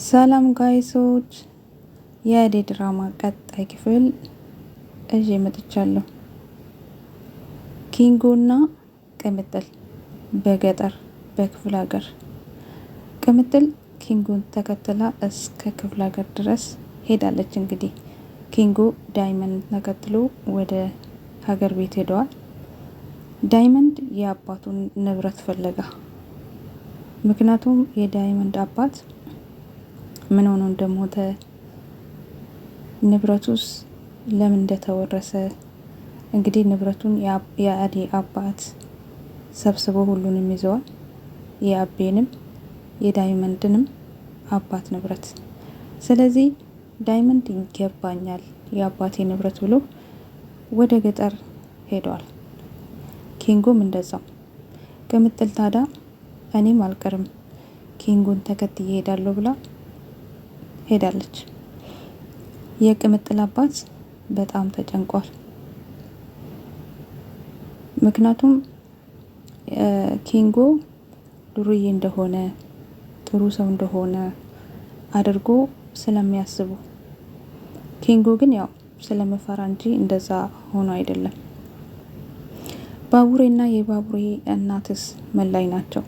ሰላም ጋይሶች የአደይ ድራማ ቀጣይ ክፍል እዥ መጥቻለሁ። ኪንጎና ቅምጥል በገጠር በክፍለ ሀገር ቅምጥል ኪንጎን ተከትላ እስከ ክፍለ ሀገር ድረስ ሄዳለች። እንግዲህ ኪንጎ ዳይመንድ ተከትሎ ወደ ሀገር ቤት ሄደዋል። ዳይመንድ የአባቱን ንብረት ፈለጋ። ምክንያቱም የዳይመንድ አባት ምን ሆኖ እንደሞተ ንብረቱስ ለምን እንደተወረሰ እንግዲህ ንብረቱን የአዴ አባት ሰብስቦ ሁሉንም ይዘዋል። የአቤንም የዳይመንድንም አባት ንብረት። ስለዚህ ዳይመንድ ይገባኛል የአባቴ ንብረት ብሎ ወደ ገጠር ሄደዋል። ኪንጎም እንደዛው። ቅምጥል ታዳ እኔም አልቀርም ኪንጎን ተከትዬ እሄዳለሁ ብላ ሄዳለች። የቅምጥል አባት በጣም ተጨንቋል። ምክንያቱም ኪንጎ ዱርዬ እንደሆነ ጥሩ ሰው እንደሆነ አድርጎ ስለሚያስቡ ኪንጎ ግን ያው ስለመፈራ እንጂ እንደዛ ሆኖ አይደለም። ባቡሬና የባቡሬ እናትስ መላይ ናቸው።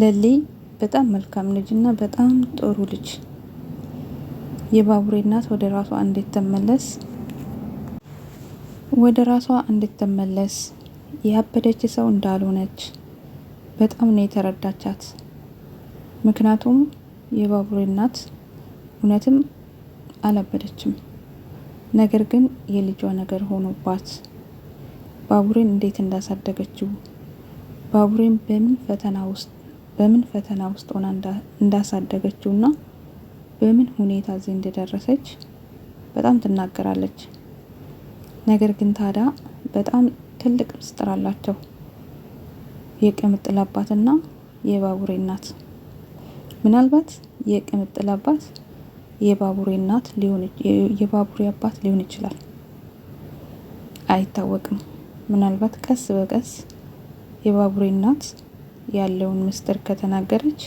ለሊ በጣም መልካም ልጅ እና በጣም ጥሩ ልጅ። የባቡሬ እናት ወደ ራሷ እንድትመለስ ወደ ራሷ እንድትመለስ ያበደች ሰው እንዳልሆነች በጣም ነው የተረዳቻት። ምክንያቱም የባቡሬ እናት እውነትም አላበደችም፣ ነገር ግን የልጇ ነገር ሆኖባት ባቡሬን እንዴት እንዳሳደገችው ባቡሬን በምን ፈተና ውስጥ በምን ፈተና ውስጥ ሆና እንዳሳደገችውና በምን ሁኔታ እዚህ እንደደረሰች በጣም ትናገራለች። ነገር ግን ታዲያ በጣም ትልቅ ምስጢር አላቸው የቅምጥል አባትና የባቡሬ እናት። ምናልባት የቅምጥል አባት የባቡሬ እናት ሊሆን የባቡሬ አባት ሊሆን ይችላል፣ አይታወቅም። ምናልባት ቀስ በቀስ የባቡሬ እናት ያለውን ምስጢር ከተናገረች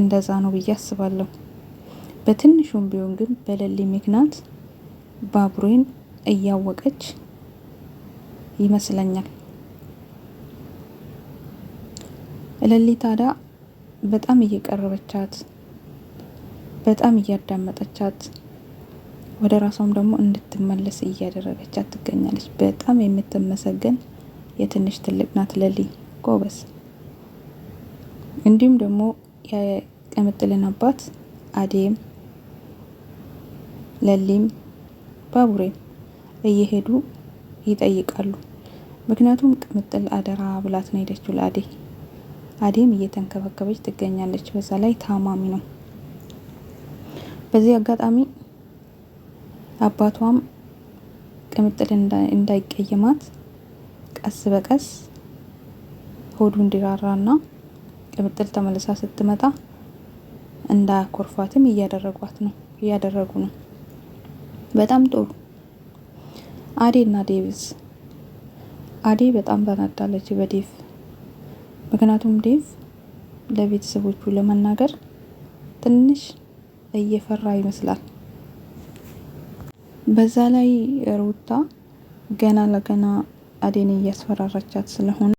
እንደዛ ነው ብዬ አስባለሁ። በትንሹም ቢሆን ግን በሌሊ ምክንያት ባቡሬን እያወቀች ይመስለኛል። ሌሊ ታዲያ በጣም እየቀረበቻት፣ በጣም እያዳመጠቻት ወደ ራሷም ደግሞ እንድትመለስ እያደረገቻት ትገኛለች። በጣም የምትመሰገን የትንሽ ትልቅ ናት ሌሊ ጎበስ። እንዲሁም ደግሞ የቅምጥልን አባት አዴም ለሊም ባቡሬም እየሄዱ ይጠይቃሉ። ምክንያቱም ቅምጥል አደራ ብላት ነው ሄደችው ለአዴ። አዴም እየተንከባከበች ትገኛለች። በዛ ላይ ታማሚ ነው። በዚህ አጋጣሚ አባቷም ቅምጥል እንዳይቀየማት ቀስ በቀስ ሆዱ እንዲራራና ቅምጥል ተመልሳ ስትመጣ እንዳያኮርፏትም እያደረጓት ነው እያደረጉ ነው። በጣም ጥሩ። አዴ እና ዴቪስ አዴ በጣም ተናዳለች በዴቭ ምክንያቱም ዴቭ ለቤተሰቦቹ ለመናገር ትንሽ እየፈራ ይመስላል። በዛ ላይ ሩታ ገና ለገና አዴን እያስፈራራቻት ስለሆነ